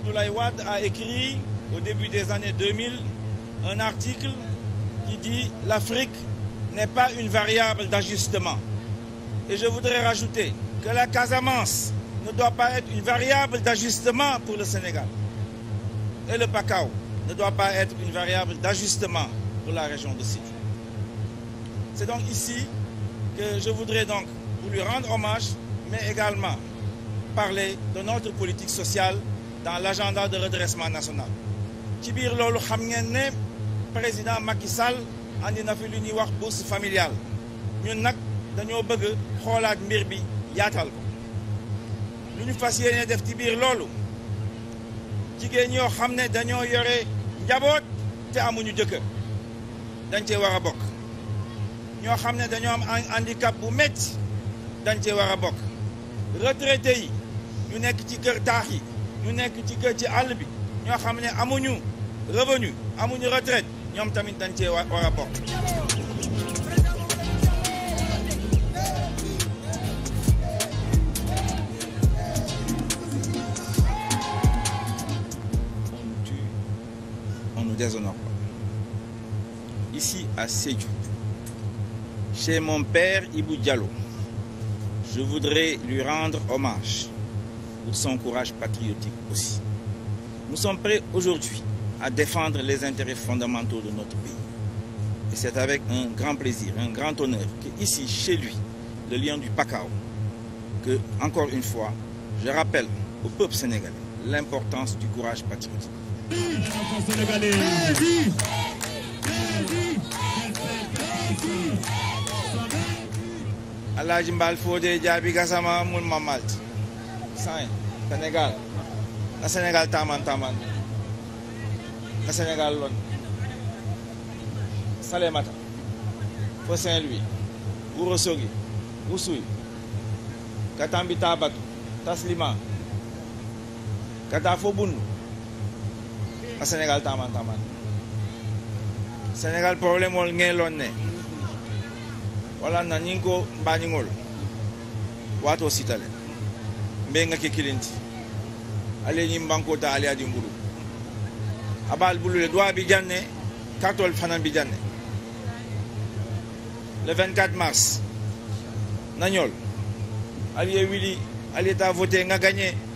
Abdoulaye Wade a écrit au début des années 2000 un article qui dit l'Afrique n'est pas une variable d'ajustement. Et je voudrais rajouter que la Casamance ne doit pas être une variable d'ajustement pour le Sénégal. Et le Pacao ne doit pas être une variable d'ajustement pour la région de Sidi. C'est donc ici que je voudrais donc vous lui rendre hommage, mais également parler de notre politique sociale dans l'agenda de redressement national ci biir loolu xam ngeen ne président Macky Sall andi na fi lu ñuy wax bourse familiale ñun nag dañoo bëgg xoolaat mbir bi yaatal ko lu ñu fas yéene def ci biir loolu jigéen yoo xam ne dañoo yore njaboot te amuñu jëkkër dañ cee war a bokk ñoo xam ne dañoo am handicap bu métti dañ cee war a bokk retraité yi ñu nekk ci kër taax yi ñu nekk ci gë ci àll bi ñoo xam ne amuñu revenu amuñu retraite ñoom tamit dañ cee war a bokk on nous déshonore pas ici à Sédhiou chez mon père Ibou Diallo je voudrais lui rendre hommage son courage patriotique aussi. Nous sommes prêts aujourd'hui à défendre les intérêts fondamentaux de notre pays. Et c'est avec un grand plaisir, un grand honneur que ici, chez lui, le lion du Pacao, que, encore une fois, je rappelle au peuple sénégalais l'importance du courage patriotique. Alhaji Mbal Fodé Diaby Gassama mun ma saa Sénégal na Sénégal taamaan taamaan na Sénégal loon Salémata fo Saint-Louis Ourossogui Oussouye Katambi Tabatu Taslima Kata fo Bundu na Sénégal taamaan taamaan Sénégal problème ol ngeelon ne wala na ñing ko mbañingol waato sitale mbengake kilinti ala ñin bankota ala yadin bulu abal bulu le doit bi janne katol fanan bi janne le 24 mars nañol aliye wili aliyeta voté nga gagné